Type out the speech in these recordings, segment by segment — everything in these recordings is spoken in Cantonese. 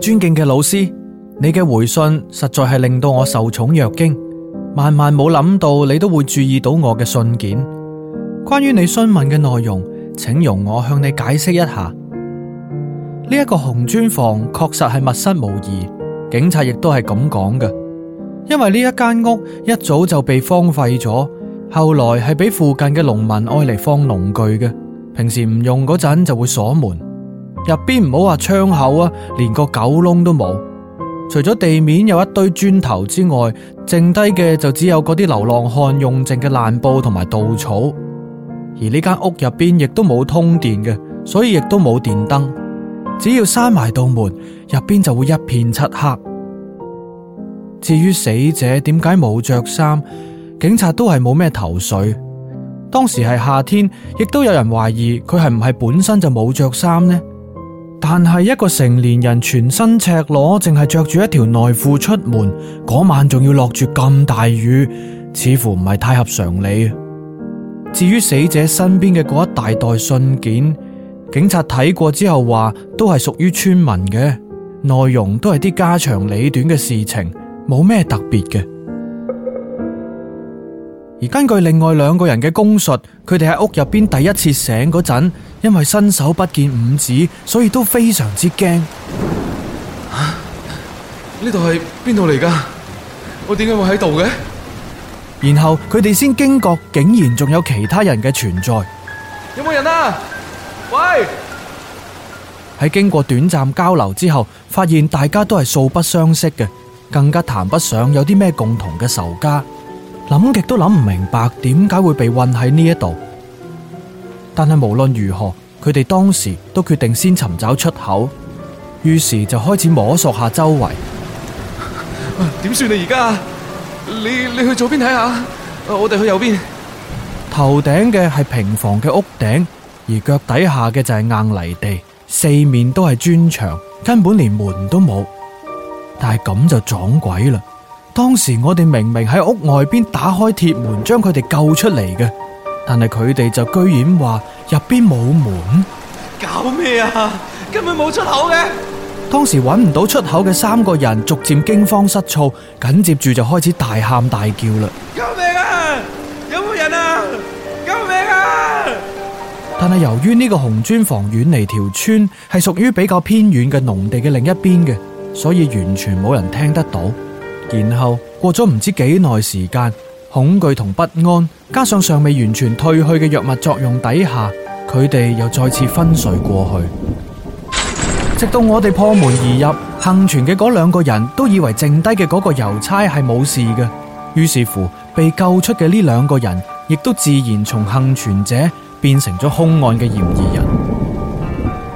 尊敬嘅老師，你嘅回信實在係令到我受寵若驚。萬萬冇諗到你都會注意到我嘅信件。關於你詢問嘅內容，請容我向你解釋一下。呢一個紅磚房確實係密室無疑，警察亦都係咁講嘅。因為呢一間屋一早就被荒廢咗。後來係俾附近嘅農民用嚟放農具嘅，平時唔用嗰陣就會鎖門，入邊唔好話窗口啊，連個狗窿都冇。除咗地面有一堆磚頭之外，剩低嘅就只有嗰啲流浪漢用剩嘅爛布同埋稻草。而呢間屋入邊亦都冇通電嘅，所以亦都冇電燈。只要閂埋道門，入邊就會一片漆黑。至於死者點解冇着衫？警察都係冇咩頭緒，當時係夏天，亦都有人懷疑佢係唔係本身就冇着衫呢？但係一個成年人全身赤裸，淨係着住一條內褲出門，嗰晚仲要落住咁大雨，似乎唔係太合常理。至於死者身邊嘅嗰一大袋信件，警察睇過之後話，都係屬於村民嘅，內容都係啲家長裏短嘅事情，冇咩特別嘅。而根據另外兩個人嘅供述，佢哋喺屋入邊第一次醒嗰陣，因為伸手不見五指，所以都非常之驚。啊！呢度係邊度嚟噶？我點解會喺度嘅？然後佢哋先驚覺，竟然仲有其他人嘅存在。有冇人啊？喂！喺經過短暫交流之後，發現大家都係素不相識嘅，更加談不上有啲咩共同嘅仇家。諗極都諗唔明白點解會被困喺呢一度，但係無論如何，佢哋當時都決定先尋找出口，於是就開始摸索下周圍。點算啊？你而家，你你去左邊睇下，我哋去右邊。頭頂嘅係平房嘅屋頂，而腳底下嘅就係硬泥地，四面都係磚牆，根本連門都冇。但係咁就撞鬼啦！當時我哋明明喺屋外邊打開鐵門，將佢哋救出嚟嘅，但係佢哋就居然話入邊冇門，搞咩啊？根本冇出口嘅。當時揾唔到出口嘅三個人，逐漸驚慌失措，緊接住就開始大喊大叫啦！救命啊！有冇人啊？救命啊！但係由於呢個紅磚房遠離條村，係屬於比較偏遠嘅農地嘅另一邊嘅，所以完全冇人聽得到。然後過咗唔知幾耐時間，恐懼同不安，加上尚未完全退去嘅藥物作用底下，佢哋又再次昏睡過去。直到我哋破門而入，倖存嘅嗰兩個人都以為剩低嘅嗰個郵差係冇事嘅，於是乎被救出嘅呢兩個人，亦都自然從倖存者變成咗兇案嘅嫌疑人。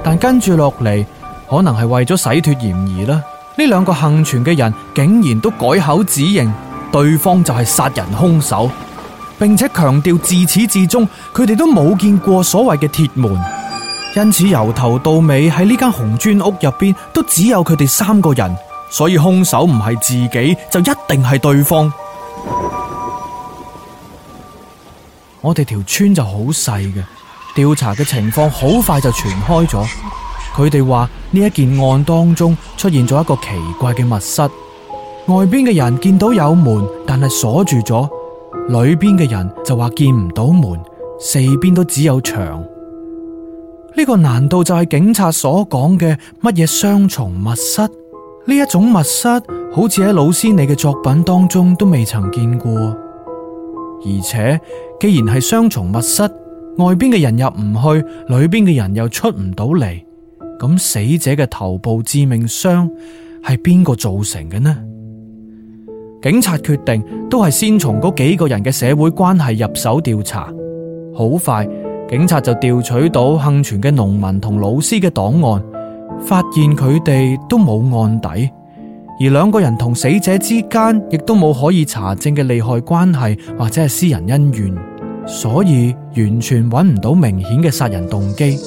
但跟住落嚟，可能係為咗洗脫嫌疑啦。呢兩個幸存嘅人竟然都改口指認對方就係殺人兇手，並且強調自始至終佢哋都冇見過所謂嘅鐵門，因此由頭到尾喺呢間紅磚屋入邊都只有佢哋三個人，所以兇手唔係自己就一定係對方。我哋條村就好細嘅，調查嘅情況好快就傳開咗。佢哋話呢一件案當中出現咗一個奇怪嘅密室，外邊嘅人見到有門，但係鎖住咗；裏邊嘅人就話見唔到門，四邊都只有牆。呢、這個難道就係警察所講嘅乜嘢雙重密室？呢一種密室好似喺老師你嘅作品當中都未曾見過。而且既然係雙重密室，外邊嘅人入唔去，裏邊嘅人又出唔到嚟。咁死者嘅頭部致命傷係邊個造成嘅呢？警察決定都係先從嗰幾個人嘅社會關係入手調查。好快，警察就調取到幸存嘅農民同老師嘅檔案，發現佢哋都冇案底，而兩個人同死者之間亦都冇可以查證嘅利害關係或者係私人恩怨，所以完全揾唔到明顯嘅殺人動機。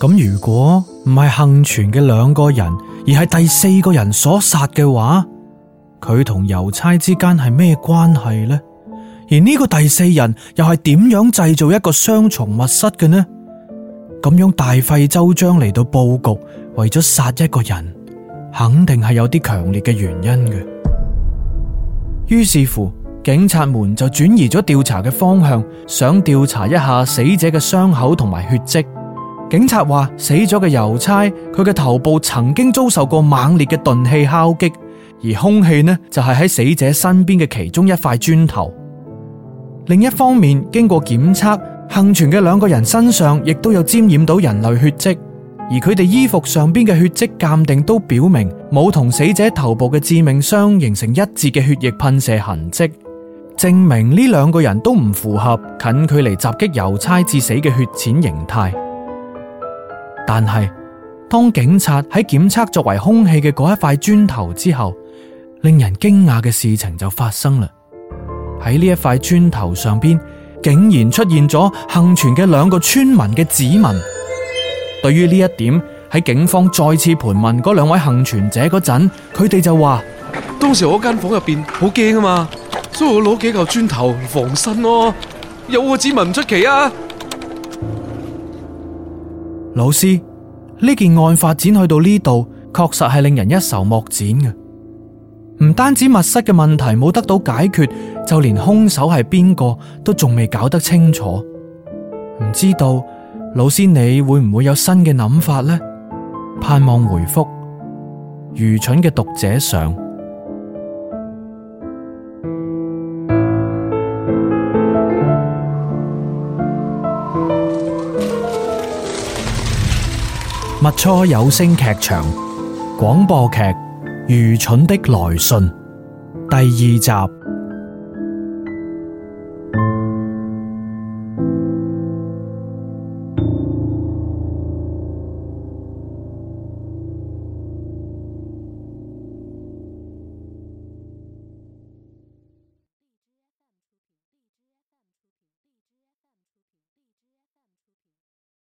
咁如果唔係幸存嘅兩個人，而係第四個人所殺嘅話，佢同郵差之間係咩關係呢？而呢個第四人又係點樣製造一個雙重密室嘅呢？咁樣大費周章嚟到布局，為咗殺一個人，肯定係有啲強烈嘅原因嘅。於是乎，警察們就轉移咗調查嘅方向，想調查一下死者嘅傷口同埋血跡。警察話，死咗嘅郵差佢嘅頭部曾經遭受過猛烈嘅鈍器敲擊，而凶器呢就係喺死者身邊嘅其中一塊磚頭。另一方面，經過檢測，幸存嘅兩個人身上亦都有沾染到人類血跡，而佢哋衣服上邊嘅血跡鑑定都表明冇同死者頭部嘅致命傷形成一致嘅血液噴射痕跡，證明呢兩個人都唔符合近距離襲擊郵差致死嘅血濺形態。但係，當警察喺檢測作為兇器嘅嗰一塊磚頭之後，令人驚訝嘅事情就發生啦！喺呢一塊磚頭上邊，竟然出現咗幸存嘅兩個村民嘅指紋。對於呢一點，喺警方再次盤問嗰兩位幸存者嗰陣，佢哋就話：當時我間房入邊好驚啊嘛，所以我攞幾嚿磚頭防身咯、哦，有我指紋唔出奇啊！老師，呢件案發展去到呢度，確實係令人一籌莫展嘅。唔單止密室嘅問題冇得到解決，就連凶手係邊個都仲未搞得清楚。唔知道老師你會唔會有新嘅諗法呢？盼望回覆。愚蠢嘅讀者上。物初有聲劇場廣播劇《愚蠢的來信》第二集。